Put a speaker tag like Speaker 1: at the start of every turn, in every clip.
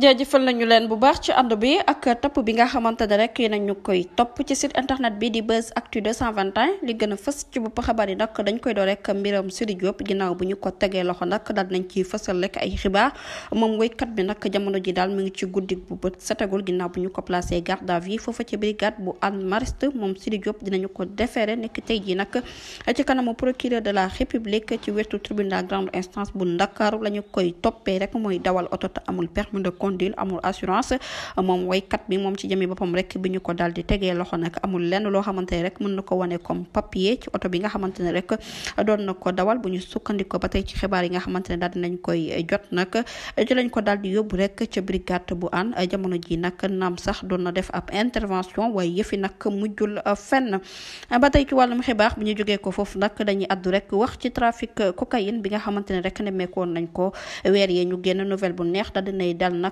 Speaker 1: jaajëfal nañu leen bu baax ci ànd bi ak topp bi nga xamante ne rek yéen ñu koy topp ci site internet bi di Buzz Actu 221 li gën a fës ci bopp xabaar yi nag dañ koy doo rek mbiram Sidy Diop ginnaaw bu ñu ko tegee loxo nag dal nañ ci fësal rek ay xibaar moom wéykat bi nag jamono ji daal mu ngi ci guddi bu bët setagul ginnaaw bu ñu ko placé garde à vue foofa ci brigade bu Hann Mariste moom Sidy Diop dinañu ko déféré nekk tey ji nag ci kanamu procureur de la république ci wetu tribunal grande instance bu Ndakaaru la ñu koy toppee rek mooy dawal oto te amul permis conduite amul assurance moom waykat bi moom ci jëmi boppam rek bi ñu ko daal di tegee loxo nag amul lenn loo xamante ne rek mën na ko wane comme papier oto bi nga xamante rek doon na ko dawal bu ñu sukkandikoo ba tey ci xibaar yi nga xamante ne daal dinañ koy jot nag ci lañ ko daal di yóbbu rek ca brigade bu an jamono ji nag naam sax doon na def ab intervention waaye yëfi nag mujjul fenn ba ci wàllum xibaar bu ñu jógee ko foofu nag dañuy addu rek wax ci trafic cocaïne bi nga xamante ne rek nañ ko weer yee ñu génn nouvelle bu neex daal dinay dal nag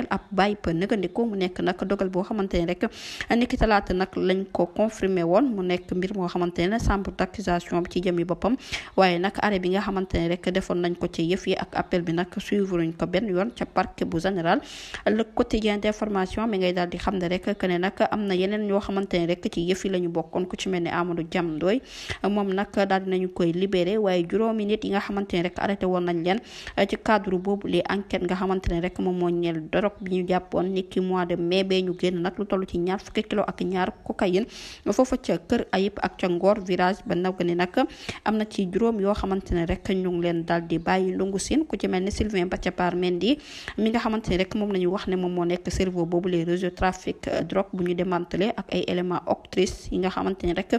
Speaker 1: Diourbel ab bàyyi ba nëgandiko mu nekk nag dogal boo xamante ne rek niki talaata nag lañ ko confirmé woon mu nekk mbir moo xamante ne chambre d'accusation bi ci jëmi boppam waaye nag arrêt bi nga xamante ne rek defoon nañ ko ci yëf yi ak appel bi nag suivre nañ ko benn yoon ca parquet bu général le quotidien d'information mi ngay daal di xam ne rek que ne am na yeneen yoo xamante ne rek ci yëf yi la ci mel ne Amadou Jam moom nag daal dinañu koy libéré waaye juróomi nit yi nga xamante ne rek arrêté woon nañ leen ci cadre boobu li enquête nga xamante ne rek moom moo keroog bi ñu jàppoon nit ki mois de mais bee ñu génn lu toll ci ñaar fukki kilo ak ñaar cocaïne foofa ca kër ayib ak ca Ngor virage ba naw ni nag am na ci juróom yoo xamante ne rek ñu ngi leen daal di bàyyi ndungu siin ku ci mel ne Sylvain Bathia Mendy mi nga xamante ne rek moom la ñu wax ne moom moo nekk cerveau boobu les réseaux trafic drogue bu ñu démantelé ak ay éléments octrice yi nga xamante ne rek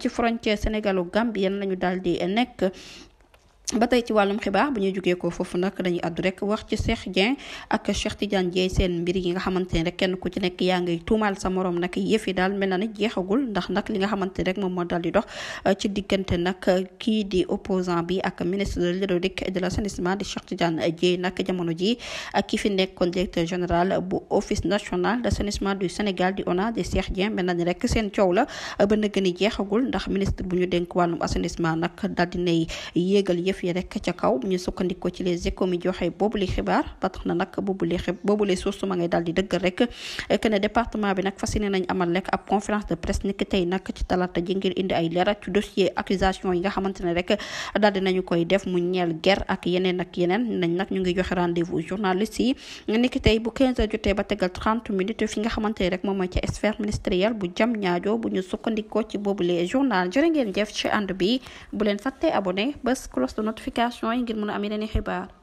Speaker 1: ci frontière sénégalo gambienne la ñu daal di nekk ba tey ci wàllum xibaar bu ñuy jugee ko foofu nag dañuy àddu rek wax ci Cheikh Dieng ak Cheikh Tidiane Dieye seen mbir yi nga xamante ne rek kenn ku ci nekk yaa ngay tuumaal sa morom nag yëf yi daal mel na ne jeexagul ndax nag li nga xamante ne rek moom moo daal di dox euh, ci diggante nag euh, kii di opposant bi ak ministre de l'hydraulique et de l'assainissement di Cheikh Tidiane Dieye nag jamono ji ak ki fi nekkoon directeur général bu office national d'assainissement du Sénégal di ONAS di Cheikh Dieng mel na ne rek seen coow la ba nëgg ni jeexagul ndax ministre bu ñu dénk wàllum assainissement nag daal di nay yéegal yëf fii rek ca kaw ñu sukkandikoo ci les échos mi joxe boobu li xibaar ba tax na nag boobu li xib boobu les sources ma ngay daal di dëgg rek que ne département bi nag fas yéene nañ amal rek ab conférence de presse niki tey nag ci talaata ji ngir indi ay leeral ci dossier accusation yi nga xamante ne rek daal di nañu koy def mu ñeel guerre ak yeneen ak yeneen nañ nag ñu ngi joxe rendez-vous journalistes yi niki tey bu 15 heures jotee ba tegal 30 minutes fi nga xamante ne rek moom mooy ca sphère ministérielle bu jam ñaajo bu ñu sukkandikoo ci boobu les journal jërë ngeen jëf ci ànd bi bu leen fàtte abonné bés cloche notification yi ngir mën a am yeneen